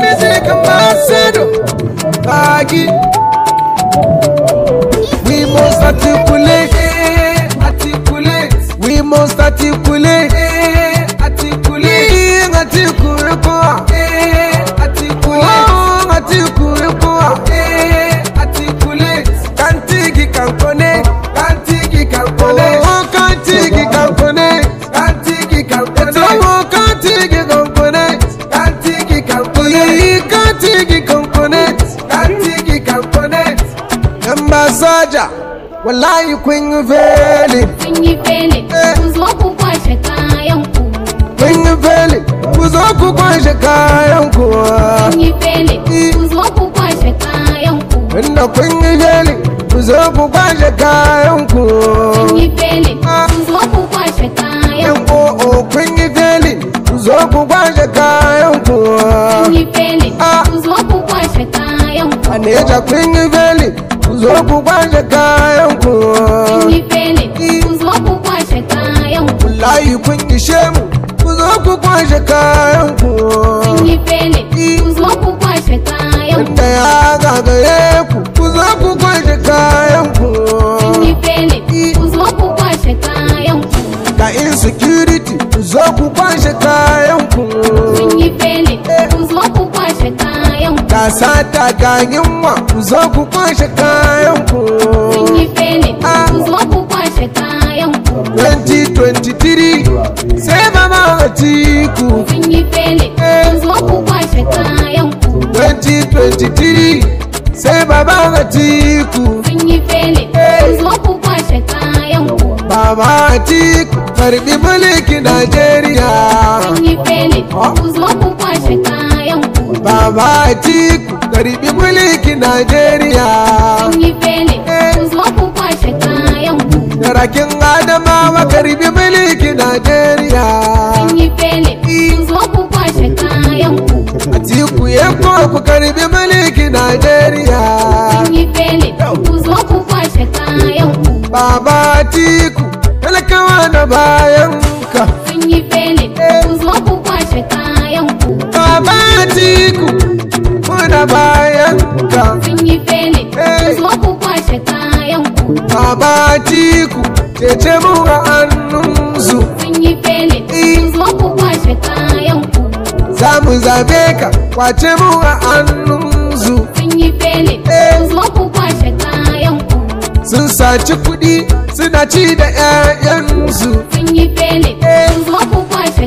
music ambassador, Baggy. We must articulate, articulate. We must articulate. saja wallahi kun yi fele kun yi fele ku zo ku kwashe kayan ku ku kayan ku ku kayan ku inda kun yi fele eh. ku zo ku kwashe kayan ku kun yi fele ku zo ku kwashe kayan ku kun yi fele eh. ku zo ku kwashe kayan ku kun ku ah. kayan ku neja oh, oh, kun yi fele zo ku kwashe kayan ku ku zo ku kwashe kayan ku layi kun ishe mu ku zo ku kwashe kayan ku kun zo ku ku ga ta ga yunwa ku zo ku kwashe kayan ku sun yi fene ah. ku zo ku kwashe kayan ku Twentitwenty-three, sai mama atiku sun yi fene ku eh. zo ku kwashe kayan ku Twentitwenty-three, sai baba atiku sun yi fene ku eh. zo ku kwashe kayan ku baba atiku karbi mulki najeriya sun yi fene ku ah. zo ku kwashe kayan ku Baba Atiku karbi mulki Najeriya. rakin Adamawa karbi mulki Najeriya. Sun yi fele, ku zo ku kwashe Atiku yanko ku mulki Najeriya. Baba Atiku talakawa na bayan ka. Sabatiku na bayanka ka. Sun yi Sabatiku cece mu a hannunsu. Sun yi e. Za mu zabe ka, kwace mu a Sun yi e. Sun saci kuɗi suna ci da 'ya'yansu. Sun yi fele, e. zo ku kwashe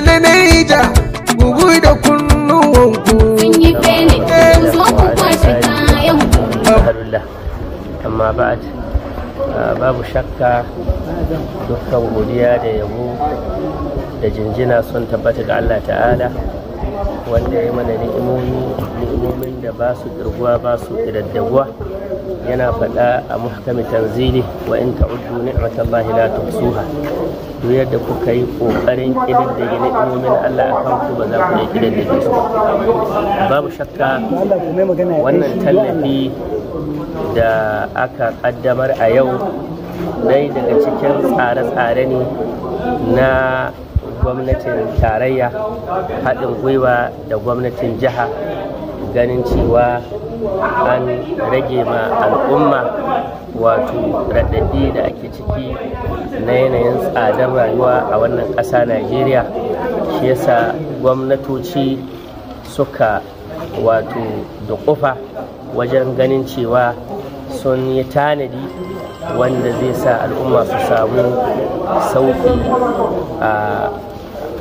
Fulani na Naija gugu da kunnuwanku. Sun ku Amma ba ah, babu shakka dukkan godiya da yabo da jinjina sun tabbata ga Allah ta'ala wanda ya mana ni'imomi ni'imomin da ba su kirguwa ba su ƙidaddaguwa yana faɗa a muhkami tanzili wa in ta'uddu ni'matallahi la tuhsuha duk yadda kuka yi ƙoƙarin ƙididdige imomin Allah a kanku ba za ku iya da su babu shakka wannan tallafi da aka ƙaddamar a yau dai daga cikin tsare-tsare ne na gwamnatin tarayya haɗin gwiwa da gwamnatin jiha ganin cewa an rage ma al'umma wato raɗaɗi da ake ciki na yanayin tsadar rayuwa a wannan ƙasa najeriya shi yasa gwamnatoci suka wato da ƙufa wajen ganin cewa sun yi tanadi wanda zai sa al'umma su samu sauƙi a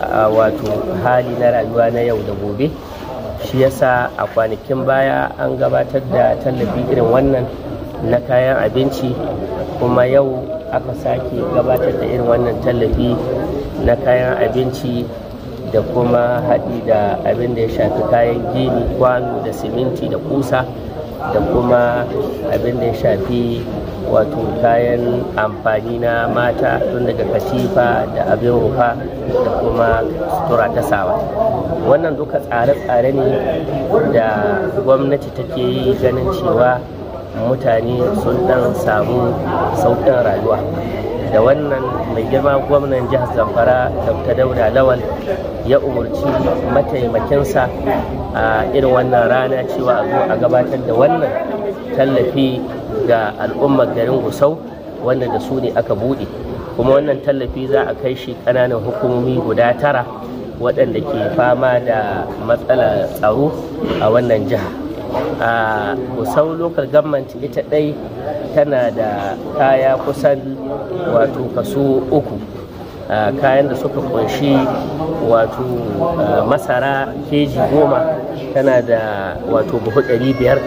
wato hali na rayuwa na yau da gobe shi yasa a kwanakin baya an gabatar da tallafi irin wannan na kayan abinci kuma yau aka sake gabatar da irin wannan tallafi na kayan abinci da kuma haɗi da abin da ya shafi kayan gini kwano da siminti da kusa da kuma abin da ya shafi wato kayan amfani na mata tun daga katifa da abin rufa da kuma sutura ta sawa wannan duka tsare-tsare ne da gwamnati take yi ganin cewa mutane sun dan samu sauƙin rayuwa da wannan mai girma gwamnan jihar zamfara dr dauda lawal ya umarci mataimakinsa a irin wannan rana cewa a a gabatar da wannan tallafi ga al'ummar garin gusau wanda da su ne aka buɗe kuma wannan tallafi za a kai shi ƙananan hukumomi guda tara waɗanda ke fama da matsala tsaro a wannan jiha a gusau local government ita ɗai tana da kaya kusan wato kaso uku kayan da suka kunshi wato masara keji goma tana da wato buhu ɗari biyar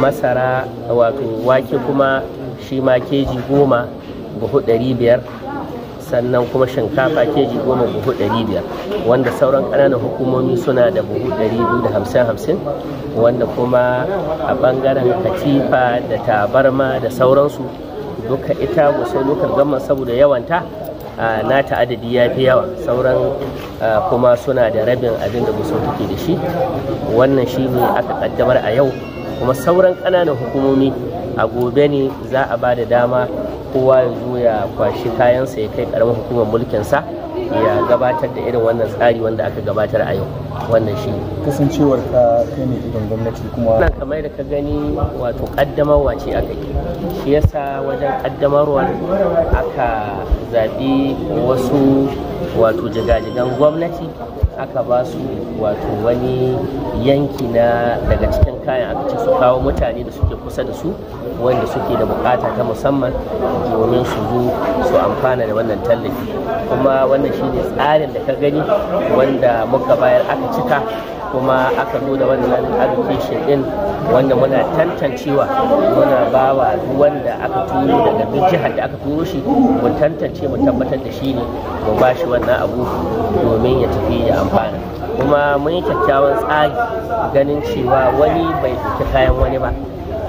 masara wato wake kuma shi ma keji goma buhu ɗari biyar sannan kuma shinkafa keji goma buhu ɗari biyar wanda sauran ƙananan hukumomi suna da buhu ɗari biyu da hamsin hamsin wanda kuma a ɓangaren katifa da tabarma da sauransu duka ita wasu lokar gama saboda yawanta na ta adadi ya fi yawa sauran kuma suna da rabin abin da guso take da shi wannan shi ne aka kaddamar a yau kuma sauran ƙananan hukumomi a gobe ne za a ba da dama kowa ya zo ya kwashi kayansa ya kai ƙaramin hukumar mulkinsa ya gabatar da irin wannan tsari wanda aka gabatar a yau wannan shi kasancewar ka kai ne idan gwamnati kuma nan kamar da ka gani wato kaddamarwa ce aka yi shi yasa wajen kaddamarwa aka zaɓi wasu wato jigajigan gwamnati aka ba su wato wani yanki na daga cikin kayan abinci su kawo mutane da suke kusa da su wanda suke da bukata ta musamman domin su zo su amfana da wannan tallafi kuma wannan shine tsarin da ka gani wanda muka bayar aka cika kuma aka zo da wannan allocation din wanda muna tantancewa muna bawa duk wanda aka turo daga duk jihar da aka turo shi mu tantance mu tabbatar da shi ne mu ba shi wannan abu domin ya tafi ya amfana kuma mun yi kyakkyawan tsari ganin cewa wani bai ɗauki kayan wani ba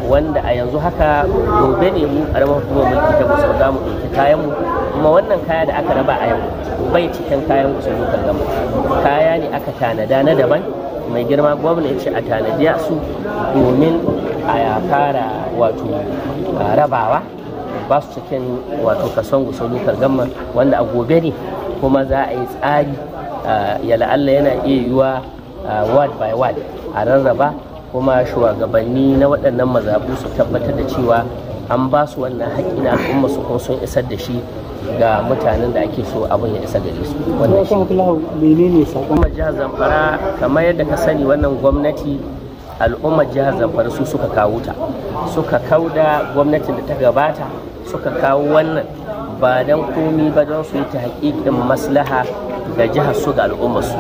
wanda a yanzu haka gobe ne mu karamar hukumar mulki ta musu za mu ɗauki kayan mu kuma wannan kaya da aka raba a yau bai cikin kayan musu lokal gama kaya ne aka tanada na daban mai girma gwamna ya ce a tanadiya su domin a ya fara wato rabawa ba su cikin wato kason gusa lokal gama wanda a gobe ne kuma za a yi tsari Eh, ya la'alla yana iya yiwuwa eh, word by word a rarraba kuma shugabanni na waɗannan mazabu su tabbatar da cewa an ba su wannan haƙƙi na al'umma su kuma sun isar da shi ga mutanen da ake so abin ya isa gare su wannan shi menene jihar Zamfara kamar yadda ka sani wannan gwamnati al'ummar jihar Zamfara su suka kawo ta suka kauda gwamnatin da ta gabata suka kawo wannan ba don komi ba don su yi ta hakikin maslaha ga jihar su ga al'umma su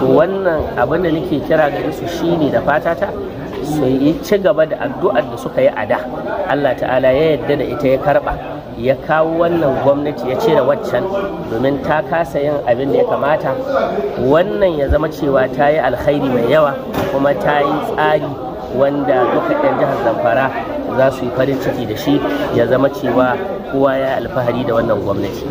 to wannan abin da nake kira gare su shine da fatata su yi ci gaba da addu'ar da suka yi a da Allah ta'ala ya yarda da ita ya karba ya kawo wannan gwamnati ya ce da waccan domin ta kasa yin abin da ya kamata wannan ya zama cewa ta yi alkhairi mai yawa kuma ta yi tsari wanda duka 'yan jihar zamfara za su yi farin ciki da shi ya zama cewa kowa ya alfahari da wannan gwamnati